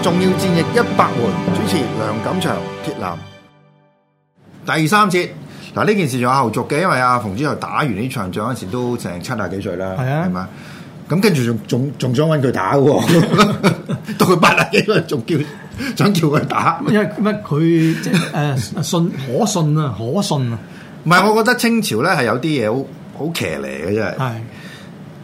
重要戰役一百回，主持梁錦祥鐵男。第三節，嗱呢件事仲有後續嘅，因為阿馮子席打完呢場，仗，嗰陣時都成七廿幾歲啦，係啊，係嘛，咁跟住仲仲仲想揾佢打，到佢八啊幾歲仲叫想叫佢打，因為乜佢即誒信可信啊，可信啊，唔係，我覺得清朝咧係有啲嘢好好騎嚟嘅啫，係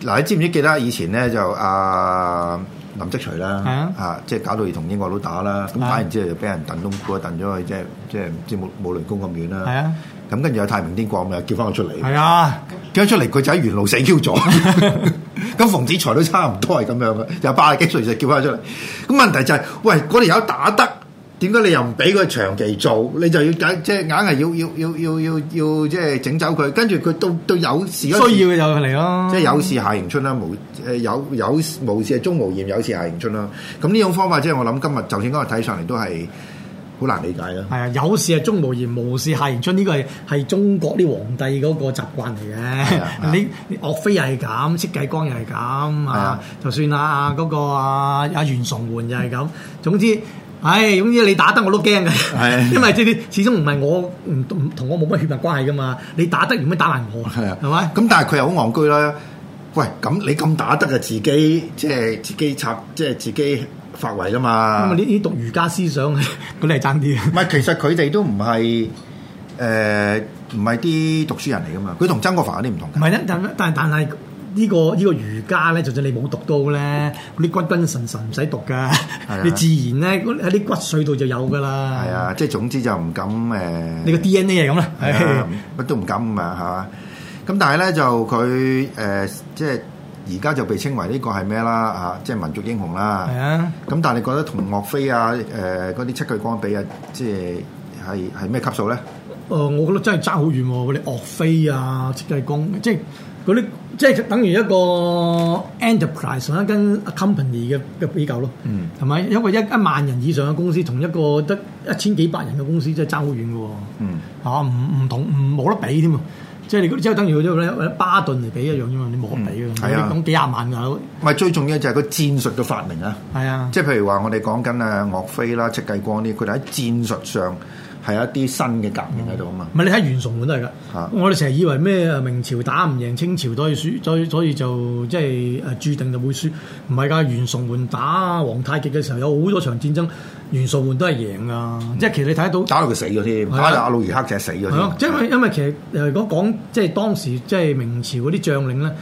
嗱的、啊，你知唔知記得以前咧就啊？呃林則徐啦，啊，啊，即係搞到要同英國佬打啦，咁打完之後就俾人燉東古啊燉咗去，即係即係唔知冇冇輪攻咁遠啦，啊，咁跟住有太平天國咪叫翻佢出嚟，叫出嚟佢，啊、就喺原路死 Q 咗，咁馮 子材都差唔多係咁樣嘅，又八十幾歲就叫翻出嚟，咁問題就係，是，喂，嗰啲有打得？點解你又唔俾佢長期做？你就要解即係硬係要要要要要要即係整走佢。跟住佢都到有事，需要又嚟咯。即係有事夏迎春啦，冇誒有有無事鍾無艷，有事夏迎春啦。咁呢種方法即係我諗今日就算今日睇上嚟都係好難理解咯。係啊，有事啊鍾無艷，無事夏迎春呢個係係中國啲皇帝嗰個習慣嚟嘅。你岳飛又係咁，戚繼光又係咁啊，就算啦。嗰個啊啊袁崇煥又係咁。總之。唉，總之你打得我都驚嘅，的因為即係始終唔係我唔同我冇乜血脈關係噶嘛。你打得，唔好打爛我，係咪的？咁吧但係佢又好戇居啦。喂，咁你咁打得就自己即係自己拆，即係自己發圍啦嘛。咁啊，呢啲讀儒家思想，佢嚟爭啲。唔係，其實佢哋都唔係誒，唔係啲讀書人嚟噶嘛。佢同曾國藩嗰啲唔同。唔係但但係。呢個呢個儒家咧，就算你冇讀到咧，嗰啲君君臣臣唔使讀噶，你自然咧喺啲骨髓度就有噶啦。係啊，即係總之就唔敢誒。你個 DNA 係咁啦，乜都唔敢啊，係嘛？咁但係咧就佢誒，即係而家就被稱為呢個係咩啦？嚇，即係民族英雄啦。係啊。咁但係你覺得同岳飛啊、誒嗰啲戚繼光比啊，即係係係咩級數咧？誒、呃，我覺得真係爭好遠喎、啊！嗰啲岳飛啊、戚繼光，即係嗰啲，即係等於一個 enterprise，想、啊、跟 company 嘅嘅比較咯。嗯，係咪？因為一一萬人以上嘅公司，同一個得一千幾百人嘅公司真、啊，真係爭好遠嘅喎。嗯，嚇、啊，唔唔同，唔冇得比添啊！即係你即係等於巴頓嚟比一樣啫嘛，嗯嗯、你冇得比嘅。係啊，咁幾廿萬嘅佬。唔係最重要就係個戰術嘅發明啊！係啊，即係譬如話，我哋講緊啊，岳飛啦、戚繼光啲，佢哋喺戰術上，係一啲新嘅革命喺度啊嘛。唔係、嗯、你睇袁崇煥都係噶。啊、我哋成日以為咩啊，明朝打唔贏清朝，所以輸，所以所以就即係誒註定就會輸，唔係噶，袁崇煥打皇太極嘅時候有好多場戰爭，袁崇煥都係贏啊，即係、嗯、其實你睇到打到佢死咗添，打到阿努爾克就係死咗。係咯，因為其實誒如果講即係當時即係明朝嗰啲將領咧。嗯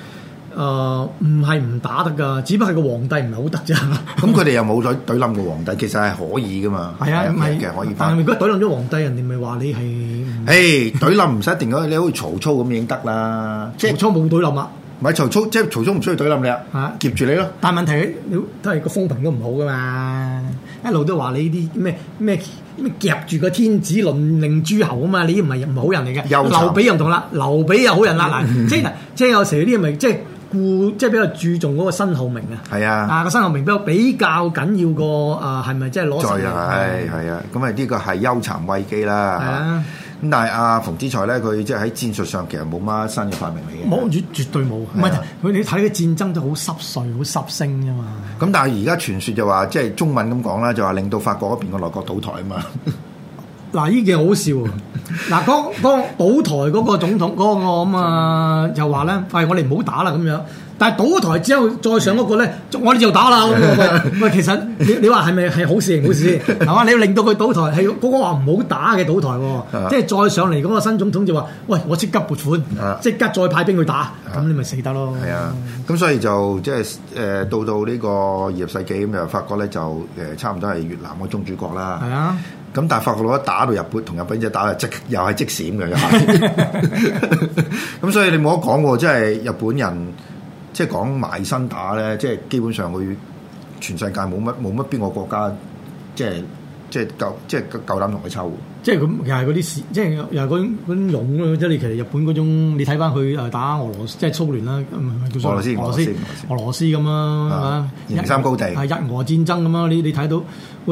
誒唔係唔打得㗎，只不過係個皇帝唔係好得咋。咁佢哋又冇對對冧個皇帝，其實係可以噶嘛。係啊，係嘅可以。但係如果對冧咗皇帝，人哋咪話你係。誒，對冧唔使定㗎，你好似曹操咁已經得啦。曹操冇對冧啊。唔係曹操，即係曹操唔需要對冧你啊，嚇夾住你咯。但係問題，你都係個風評都唔好㗎嘛，一路都話你啲咩咩咩夾住個天子，論令諸侯啊嘛，你唔係唔係好人嚟嘅。劉備又唔同啦，劉備又好人啦嗱，即係即係有時啲咪即係。故即係比較注重嗰個身後名啊，係啊，啊個身後名比較比較緊要個啊，係咪即係攞在啊，係係啊，咁啊呢個係憂讒畏譏啦。係啊，咁但係阿馮子材咧，佢即係喺戰術上其實冇乜新嘅發明嚟嘅。冇嘢絕對冇，唔係佢哋睇嘅戰爭就好濕碎，好濕性啫嘛。咁但係而家傳説就話，即係中文咁講啦，就話令到法國嗰邊個內閣倒台啊嘛。嗱，呢件好笑喎！嗱，嗰倒台嗰個總統嗰個咁啊，又話咧，喂，我哋唔好打啦咁樣。但係倒台之後再上嗰個咧，我哋就打啦。喂，其實你你話係咪係好事定好事？係嘛？你要令到佢倒台係嗰個話唔好打嘅倒台喎，即係再上嚟嗰個新總統就話，喂，我即刻撥款，即刻再派兵去打，咁你咪死得咯。係啊，咁所以就即係誒到到呢個二十世紀咁就發覺咧就誒差唔多係越南個宗主國啦。係啊。咁但係法國佬一打到日本，同日本仔打就即又係即閃嘅，咁 所以你冇得講喎，即係日本人即係講埋身打咧，即係基本上佢全世界冇乜冇乜邊個國家即係。即係夠，即係夠膽同佢抽嘅。即係咁，其實嗰啲，即係又係嗰種嗰種勇，即係你其實日本嗰種，你睇翻佢誒打俄羅、嗯、俄羅斯，即係蘇聯啦。俄羅斯、俄羅斯、俄羅斯咁咯，係嘛？長山、啊、吧高地係日、啊、俄戰爭咁咯。你你睇到，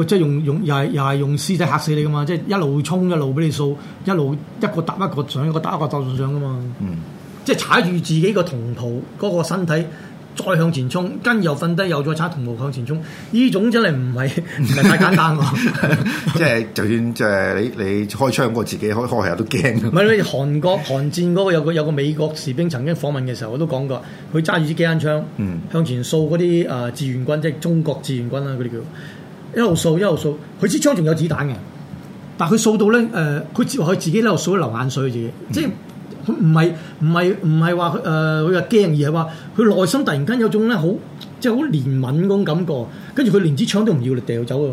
即係用用又係又係用屍體嚇死你噶嘛？即係一路衝一路俾你掃，一路一個搭一個掌，一個打一,一個走上上噶嘛。嗯，即係踩住自己，自己個同袍嗰個身體。再向前衝，跟又瞓低，又再擦同步向前衝，呢種真係唔係唔係太簡單喎。 即係就算即係你你開槍，我自己開開下都驚。唔係你韓國韓戰嗰個有個有個美國士兵曾經訪問嘅時候，我都講過，佢揸住支機槍向前掃嗰啲啊志願軍，即係中國志願軍啊。嗰啲叫一路掃一路掃，佢支槍仲有子彈嘅，但係佢掃到咧誒，佢話佢自己喺度掃自己流眼水住，即係。 佢唔係，唔係，唔係話佢誒，佢話驚，而係話佢內心突然間有種咧好。即係好憐憫嗰種感覺，跟住佢連支槍都唔要嚟掉走喎。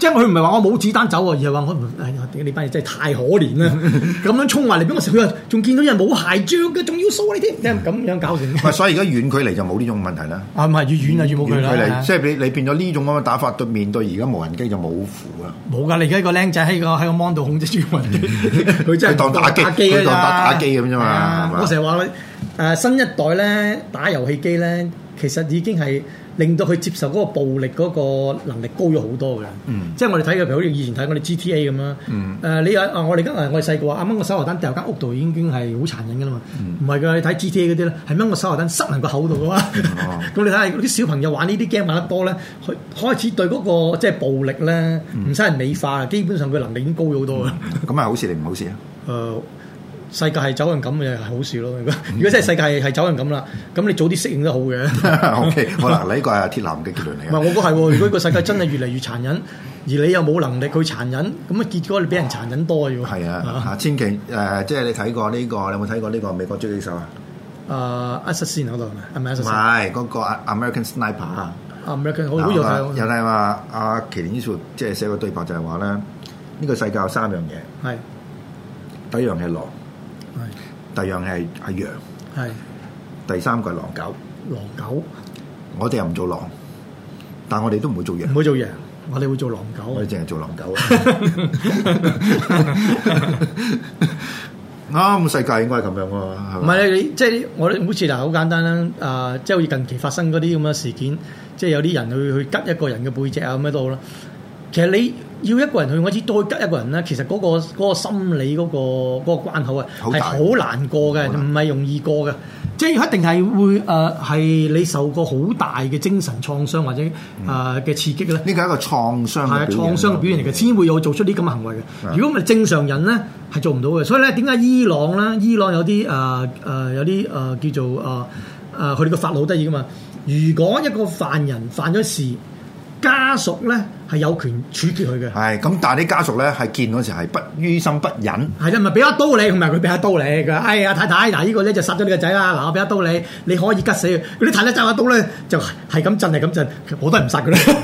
即係佢唔係話我冇子彈走喎，而係話我唔係啊，你班人真係太可憐啦，咁樣衝埋嚟俾我食。佢仲見到有人冇鞋著嘅，仲要騷你添，咁樣搞成。所以而家遠距離就冇呢種問題啦。啊唔係越遠就越冇距離啦。即係你你變咗呢種咁嘅打法對面對而家無人機就冇符啦。冇㗎，而家個僆仔喺個喺個 Mon 度控制住個無人機，佢真係當打機啊！打打機咁啫嘛。我成日話誒新一代咧打遊戲機咧。其實已經係令到佢接受嗰個暴力嗰個能力高咗好多嘅、嗯，即係我哋睇嘅譬如好似以前睇我哋 GTA 咁樣，誒、嗯呃、你有啊我哋今日，我哋細個啱啱個手榴彈掉入間屋度已經係好殘忍嘅啦嘛，唔係佢你睇 GTA 嗰啲咧係掹個手榴彈塞喺個口度嘅嘛，咁、嗯嗯嗯嗯、 你睇下啲小朋友玩呢啲 game 玩得多咧，佢開始對嗰、嗰個即係暴力咧唔使人美化，基本上佢能力已經高咗好多啦、嗯。咁啊好事定唔好事啊？誒。 呃世界係走人咁，嘅係好事咯。如果如果真係世界係走人咁啦，咁你早啲適應都好嘅。O K，好啦，呢個係鐵男嘅結論嚟。唔係，我覺係。如果個世界真係越嚟越殘忍，而你又冇能力去殘忍，咁啊結果你俾人殘忍多嘅啊，千祈誒，即係你睇過呢個，你有冇睇過呢個美國狙擊手啊？誒，一十年前嗰度係咪？唔係，唔係嗰個 American Sniper 啊。American 我都有睇。有睇話啊，奇連斯即係寫個對白就係話咧，呢個世界有三樣嘢。係。第一樣係狼。第二樣係阿羊。係，第三個係狼狗。狼狗，我哋又唔做狼，但我哋都唔會做羊。唔會做羊，我哋會做狼狗。我哋淨係做狼狗啊？啱，世界應該係咁樣喎。唔係你即係我，好似嗱，好簡單啦。啊，即係好似近期發生嗰啲咁嘅事件，即係有啲人去去拮一個人嘅背脊啊，咁樣都好啦。其實你要一個人去次，用一知再吉一個人咧，其實嗰、那個那個心理嗰、那個嗰、那個、關口啊，係好難過嘅，唔係大容易過嘅，難即係一定係會誒係、呃、你受過好大嘅精神創傷或者誒嘅、呃、刺激咧。呢個一個創傷係啊創傷嘅表現嚟嘅，先會有做出啲咁嘅行為嘅。如果唔係正常人咧，係做唔到嘅。所以咧，點解伊朗咧，伊朗有啲誒誒有啲誒叫做誒誒佢哋嘅法律好得意噶嘛？如果一個犯人犯咗事，家屬咧係有權處決佢嘅，係咁，但係啲家屬咧係見嗰時係不於心不忍，係啫，唔係俾一刀你，唔係佢俾一刀你嘅。哎呀，太太，嗱，呢個咧就殺咗你個仔啦。嗱，我俾一刀你，你可以吉死佢。嗰啲太太揸下刀咧，就係咁震，係咁震，我都係唔殺佢。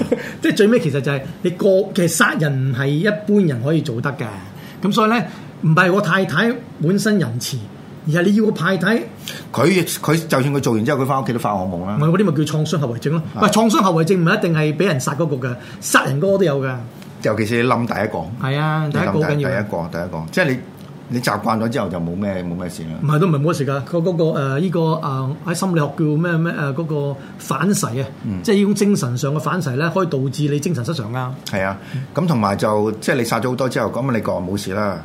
即係最尾其實就係、是、你個，其實殺人唔係一般人可以做得嘅。咁所以咧，唔係我太太本身仁慈，而係你要個派睇，佢佢就算佢做完之後，佢翻屋企都發噩夢啦。唔係嗰啲咪叫創傷後遺症咯？唔係是創傷後遺症唔一定係俾人殺嗰個㗎，殺人哥都有㗎。尤其是你冧第一個，係啊，第一個緊要。第一個，第一個，第一個即係你你習慣咗之後就冇咩冇咩事啦。唔係都唔係冇事㗎，那個嗰、呃呢個誒依個喺心理學叫咩咩誒嗰個反噬啊，嗯、即係依種精神上嘅反噬咧，可以導致你精神失常啊。係啊、嗯，咁同埋就即係你殺咗好多之後，咁你個冇事啦。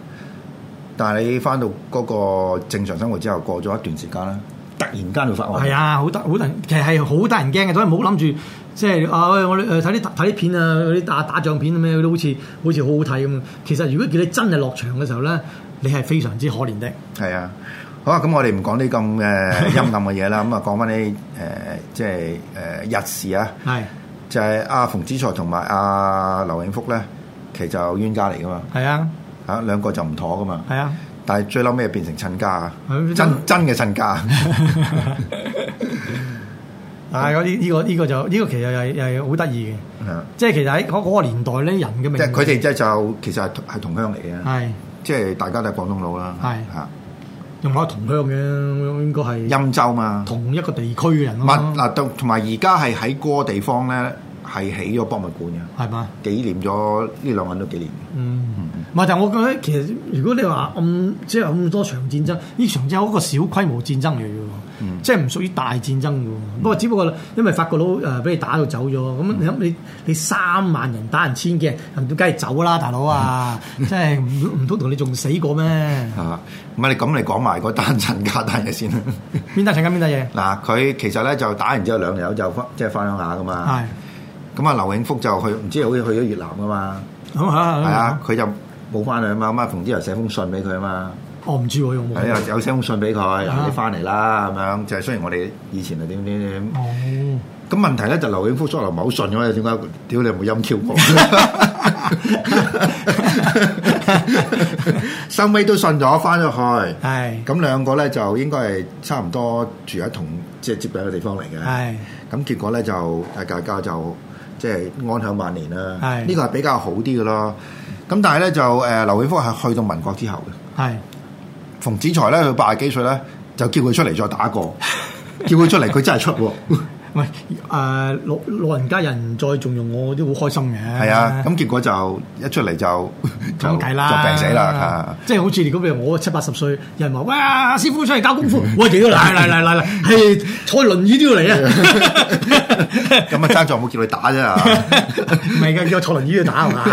但係你翻到嗰個正常生活之後，過咗一段時間咧，突然間就發癌。係啊，好得好得，其實係好得人驚嘅，所以唔好諗住即係啊！我哋誒睇啲睇啲片啊，嗰啲打打仗片咁樣，都好似好似好好睇咁。其實如果叫你真係落場嘅時候咧，你係非常之可憐的。係啊，好啊，咁我哋唔講啲咁誒陰暗嘅嘢啦，咁啊講翻啲誒即係誒、呃、日事啊。係是就係阿馮子材同埋阿劉永福咧，其實冤家嚟噶嘛。係啊。 兩啊，兩個就唔妥噶嘛。係啊，但係最嬲尾變成親家，真真嘅親家。但係啲呢個呢個就呢個其實係係好得意嘅。啊、即係其實喺嗰嗰個年代咧，人嘅名。即係佢哋即係就,就，其實係係同鄉嚟嘅。係，是即係大家都係廣東佬啦。係是啊，任何同鄉嘅應該係欽州嘛，同一個地區嘅人咯、啊。嗱，同同埋而家係喺嗰個地方咧。係起咗博物館嘅，係嘛嗎？紀念咗？呢兩個人都紀念。嗯，唔係、嗯，但我覺得其實如果你話咁，即係咁多場戰爭，呢場只有一個小規模戰爭嚟嘅，即係唔屬於大戰爭嘅。嗯、不過只不過因為法國佬誒俾你打到走咗，咁你諗你你三萬人打人千幾人，都梗係走啦，大佬啊！即係唔唔通同你仲死過咩？啊，唔係你咁你講埋嗰單陳家單嘢先啦。邊單陳家邊單嘢？嗱，佢其實咧就打完之後兩條友就即係返鄉下噶嘛。係。咁啊，劉永福就去唔知好似去咗越南啊嘛，係啊，佢就冇翻嚟啊嘛，咁啊，同啲人寫封信俾佢啊嘛，我唔知有冇，有寫封信俾佢，快啲翻嚟啦，咁樣就係雖然我哋以前係點點點，咁問題咧就劉永福捉落唔好信嘅，點解屌你冇咁橋步，收尾都信咗翻咗去，咁兩個咧就應該係差唔多住喺同即係接近嘅地方嚟嘅，咁結果咧就大家就。即係安享晚年啦，呢是的 個係比較好啲嘅咯。咁但係咧就誒、呃，劉永福係去到民國之後嘅。馮是的 子材咧，佢八啊幾歲咧，就叫佢出嚟再打過， 叫佢出嚟，佢真係出喎。 喂，誒老老人家人再縱容我，我都好開心嘅。係啊，咁、啊、結果就一出嚟就冇計啦，啊、就病死啦嚇、啊。 即係好似你咁樣，如我七八十歲，有人話：哇，師傅出嚟交功夫，哇，嚟嚟嚟嚟嚟，係坐輪椅都要嚟啊！咁 啊，爭在冇叫佢打啫啊！唔係㗎，叫坐輪椅要打係、啊、嘛、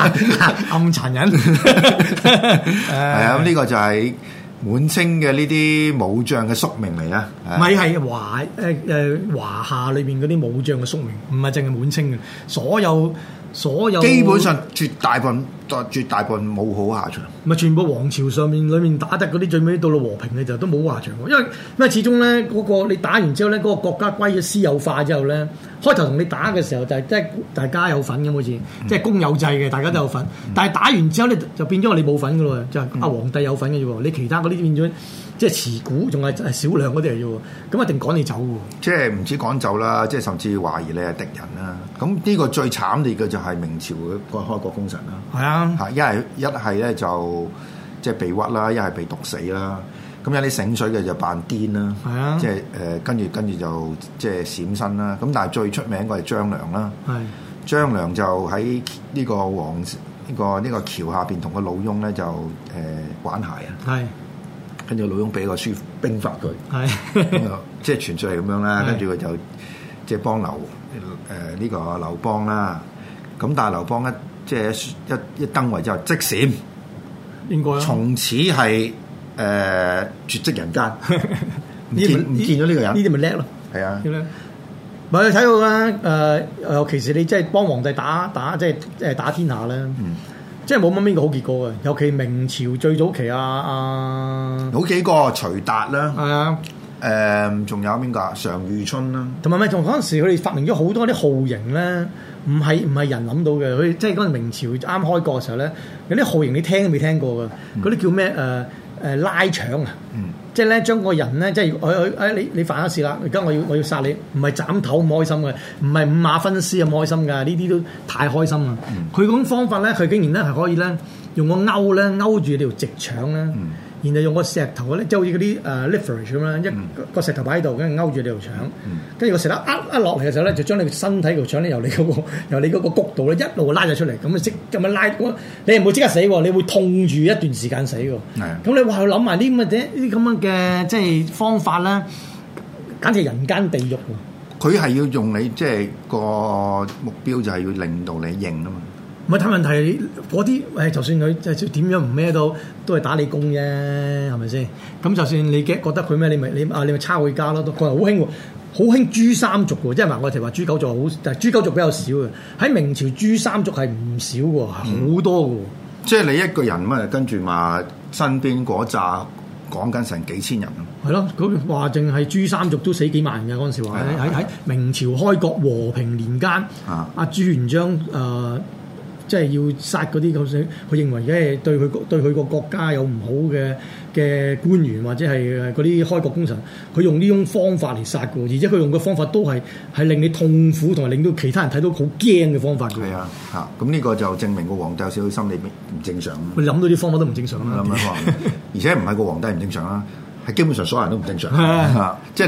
啊？暗殘忍係 啊，咁呢、啊嗯呢個就係、是。滿清嘅呢啲武將嘅宿命嚟啊，唔係係華誒誒、呃、華夏裏邊嗰啲武將嘅宿命，唔係淨係滿清嘅，所有所有基本上絕大部份，絕大部份冇好下場。咪全部皇朝上面裏面打得嗰啲最尾到到和平嘅就都冇下場。因為因為始終咧嗰個你打完之後咧，嗰個國家歸咗私有化之後咧。開頭同你打嘅時候就係即係大家有份咁好似，即係公有制嘅，大家都有份。嗯、但係打完之後咧，就變咗你冇份嘅喎，就阿皇帝有份嘅喎，嗯、你其他嗰啲變咗即係持股仲係係少量嗰啲嚟嘅喎，咁一定趕你走喎。即係唔止趕走啦，即係甚至懷疑你係敵人啦。咁呢個最慘烈嘅就係明朝嗰個開國功臣啦。係啊，嚇一係一係咧就即係被屈啦，一係被，被毒死啦。咁有啲醒水嘅就扮癲啦，是啊、即係誒跟住跟住就即係閃身啦。咁但係最出名嘅係張良啦。是是張良就喺呢個王呢、呢個呢、呢個橋下邊同個老翁咧就誒、呃、玩鞋啊。係跟住個老翁俾個書兵法佢。係是是、嗯、即係傳説係咁樣啦。跟住佢就即係幫劉誒呢、呃呢個劉邦啦。咁但係劉邦一即係一一登位之後，即閃，應該啊，從此係。誒、uh, 絕跡人間，唔 見唔見咗呢個人，呢啲咪叻咯，係啊，咪睇好啦。誒、呃、誒、就是嗯，尤其是你即係幫皇帝打打，即係即係打天下啦，嗯，即係冇乜邊個好結果嘅。尤其明朝最早期啊、呃、有啊，好幾個徐達啦，係啊，誒仲有邊個常遇春啦，同埋咪同嗰陣時佢哋發明咗好多啲號型咧，唔係唔係人諗到嘅，佢即係嗰陣明朝啱開國嘅時候咧，有啲號型你聽都未聽過嘅，嗰啲、嗯、叫咩誒？呃呃誒、呃、拉腸啊！即係咧，將個人咧，即係我我你你犯咗事啦！而家我要我要殺你，唔係斬頭咁開心嘅，唔係五馬分屍咁開心噶，呢啲都太開心啦！佢嗰種方法咧，佢竟然咧係可以咧用個勾咧勾住條直腸咧。嗯然後用個石頭咧，即係好似嗰啲誒 leverage 咁啦，一個石頭擺喺度，跟住、呃嗯、勾住你條腸，跟住個石頭壓壓落嚟嘅時候咧，嗯、就將你身體條腸咧由你嗰、那個由你嗰谷道咧一路拉咗出嚟，咁啊即係咪拉？你又唔會即刻死喎，你會痛住一段時間死喎。咁的你話要諗埋啲咁嘅啲咁嘅即係方法咧，簡直人間地獄喎！佢係要用你即係個目標，就係要令到你認啊嘛。唔係睇問題，嗰啲誒，就算佢即係點樣唔咩都都係打你工啫，係咪先？咁就算你嘅覺得佢咩，你咪你啊，你咪抄佢家咯，都佢又好興，好興誅三族嘅，即係唔我哋話誅九族好，但係誅九族比較少嘅。喺明朝誅三族係唔少嘅，好多嘅、嗯。即係你一個人咁啊，跟住話身邊嗰扎講緊成幾千人咯。係咯，佢話淨係誅三族都死幾萬人嘅嗰陣時，喎喺喺明朝開國和平年間，的啊，朱元璋誒。呃即係要殺嗰啲，好似佢認為而家係對佢對佢個國家有唔好嘅嘅官員，或者係嗰啲開國功臣，佢用呢種方法嚟殺嘅，而且佢用嘅方法都係係令你痛苦，同埋令到其他人睇到好驚嘅方法。係啊，嚇、啊！咁呢個就證明個皇帝有少少心理唔正常。佢諗到啲方法都唔正常啦。 而且唔係個皇帝唔正常啦，係基本上所有人都唔正常。即係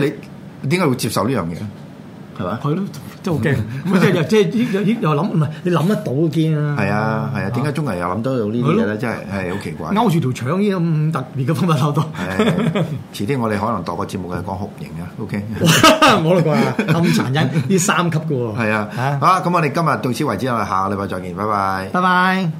你點解會接受呢樣嘢？係咪吧？係囉。 真好驚，即係又即係又依諗唔係你諗得到嘅嘢 啊！係啊係啊，點解中毅又諗到呢啲嘢咧？真係係好奇怪，勾住條腸呢咁特別嘅方法好多。遲 啲我哋可能度個節目係講酷刑啊，OK？冇啦啩，咁殘忍，呢 三級嘅喎。係啊， 啊好啦，咁我哋今日到此為止啦，下個禮拜再見，拜拜。拜拜。